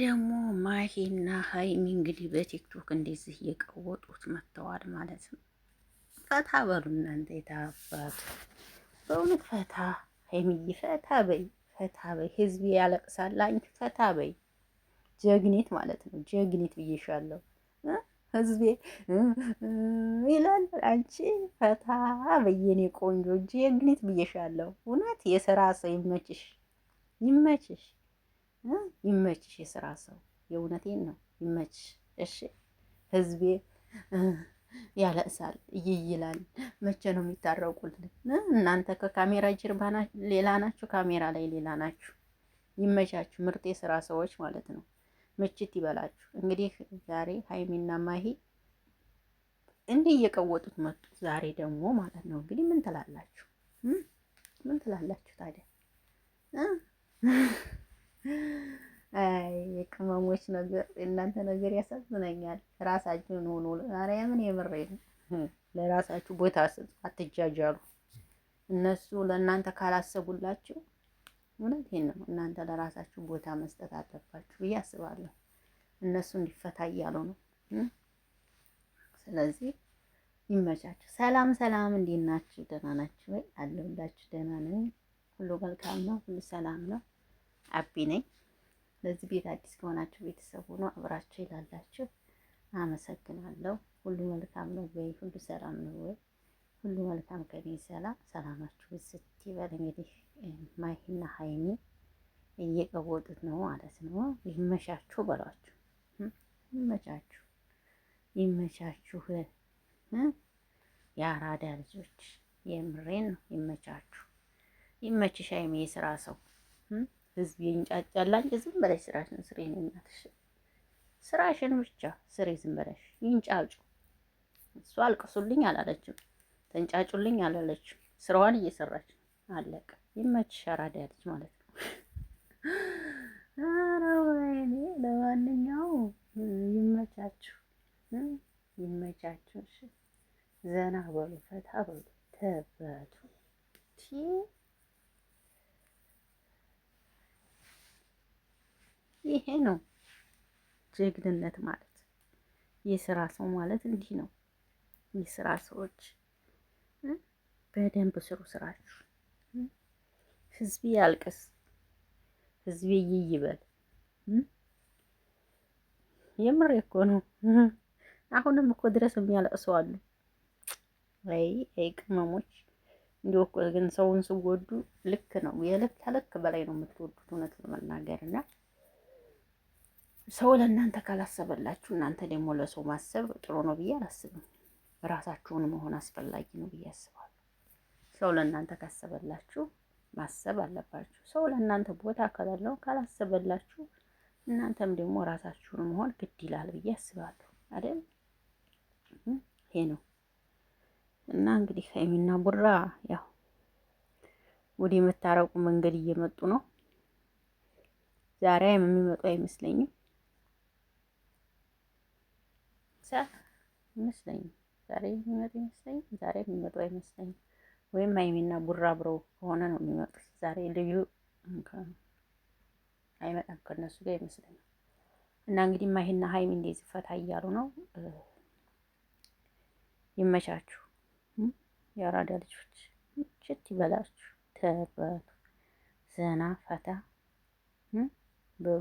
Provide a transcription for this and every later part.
ደግሞ ማሂና ሀይሚ እንግዲህ በቲክቶክ እንደዚህ እየቀወጡት መጥተዋል ማለት ነው። ፈታ በሉ እናንተ የታባት በእውነት ፈታ ሀይሚዬ፣ ፈታ በይ፣ ፈታ በይ። ህዝብ ያለቅሳል፣ አንቺ ፈታ በይ። ጀግኔት ማለት ነው። ጀግኔት ብዬሻለሁ። ህዝቤ ይላል አንቺ ፈታ በየኔ ቆንጆ ጀግኔት ብዬሻለሁ። እውነት የስራ ሰው ይመችሽ፣ ይመችሽ። ይመችሽ፣ የስራ ሰው የእውነቴን ነው ይመችሽ። እሺ ህዝቤ ያለእሳል ይይላል። መቼ ነው የሚታረቁልን? እናንተ ከካሜራ ጀርባ ሌላ ናችሁ፣ ካሜራ ላይ ሌላ ናችሁ። ይመቻችሁ፣ ምርጥ የስራ ሰዎች ማለት ነው። ምችት ይበላችሁ። እንግዲህ ዛሬ ሀይሚና ማሂ እንዲህ እየቀወጡት መጡ። ዛሬ ደግሞ ማለት ነው እንግዲህ ምን ትላላችሁ? ምን ትላላችሁ ታዲያ? አይ የቅመሞች ነገር የእናንተ ነገር ያሳዝነኛል። ራሳችሁን ሆኖ ማርያምን የምሬ ለራሳችሁ ቦታ ስጡ፣ አትጃጃሉ። እነሱ ለእናንተ ካላሰቡላችሁ እውነት ነው። እናንተ ለራሳችሁ ቦታ መስጠት አለባችሁ ብዬ አስባለሁ። እነሱ እንዲፈታ እያሉ ነው። ስለዚህ ይመቻችሁ። ሰላም ሰላም፣ እንዴት ናችሁ? ደህና ናችሁ ወይ? አለሁላችሁ። ደህና ነኝ። ሁሉ መልካም ነው። ሁሉ ሰላም ነው። አቢ ነኝ። ለዚህ ቤት አዲስ ከሆናችሁ ቤተሰብ ሆኖ አብራችሁ ይላላችሁ። አመሰግናለሁ። ሁሉ መልካም ነው ወይ? ሁሉ ሰላም ነው ወይ? ሁሉ መልካም ከኔ ሰላም ሰላማችሁ ስቲ በል። እንግዲህ ማሂና ሀይሚ እየቀወጡት ነው ማለት ነው። ይመሻችሁ በሏችሁ፣ ይመቻችሁ፣ ይመቻችሁ የአራዳ ልጆች የምሬን ነው። ይመቻችሁ፣ ይመችሽ ሀይሚ የስራ ሰው ህዝብ ይንጫጫል። አንቺ ዝም በለሽ ስራሽን ስሪ። እኔ እናትሽ ስራሽን ብቻ ስሪ፣ ዝም በለሽ ይንጫጩ። እሷ አልቅሱልኝ አላለችም፣ ተንጫጩልኝ አላለችም። ስራዋን እየሰራች አለቀ። ይመችሽ አራዳ ያለች ማለት ነው። ኧረ ወይኔ! ለማንኛውም ይመቻችሁ፣ ይመቻችሁ። ዘና በሉ፣ ፈታ በሉ፣ ተበቱ ይሄ ነው ጀግንነት ማለት። የስራ ሰው ማለት እንዲህ ነው። የስራ ሰዎች በደንብ ስሩ ስራችሁ። ህዝብ ያልቅስ፣ ህዝብ ይይበል። የምር እኮ ነው። አሁንም እኮ ድረስ የሚያለቅሱ አሉ። ወይ አይ ቅመሞች እንዲሁ እኮ ግን ሰውን ስወዱ ልክ ነው የልክ ከልክ በላይ ነው የምትወዱት እውነት ለመናገር ሰው ለእናንተ ካላሰበላችሁ እናንተ ደግሞ ለሰው ማሰብ ጥሩ ነው ብዬ አላስብም። ራሳችሁን መሆን አስፈላጊ ነው ብዬ አስባለሁ። ሰው ለእናንተ ካሰበላችሁ ማሰብ አለባችሁ። ሰው ለእናንተ ቦታ ከሌለው ካላሰበላችሁ እናንተም ደግሞ ራሳችሁን መሆን ግድ ይላል ብዬ አስባለሁ አይደል? ይሄ ነው እና እንግዲህ ሀይሚና ቡራ ያው ወደ መታረቁ መንገድ እየመጡ ነው። ዛሬ የሚመጡ አይመስለኝም። ብቻ አይመስለኝም። ዛሬ የሚመጡ ይመስለኝ ዛሬ የሚመጡ አይመስለኝ ወይም ሀይሚና ቡራ አብረው ከሆነ ነው የሚመጡት። ዛሬ ልዩ አይመጣም ከነሱ ጋር ይመስለኝ እና እንግዲህ ማሂና ሀይሚ እንደዚህ ፈታ እያሉ ነው። ይመቻችሁ፣ የአራዳ ልጆች ችት ይበላችሁ፣ ተበሉ፣ ዘና ፈታ በሉ።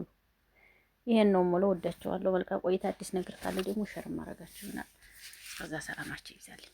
ይሄን ነው የምለው። ወዳቸዋለሁ። መልካም ቆይታ። አዲስ ነገር ካለ ደግሞ ሸር ማድረጋችሁ ይሆናል። እስከዛ ሰላማችሁ ይብዛልኝ።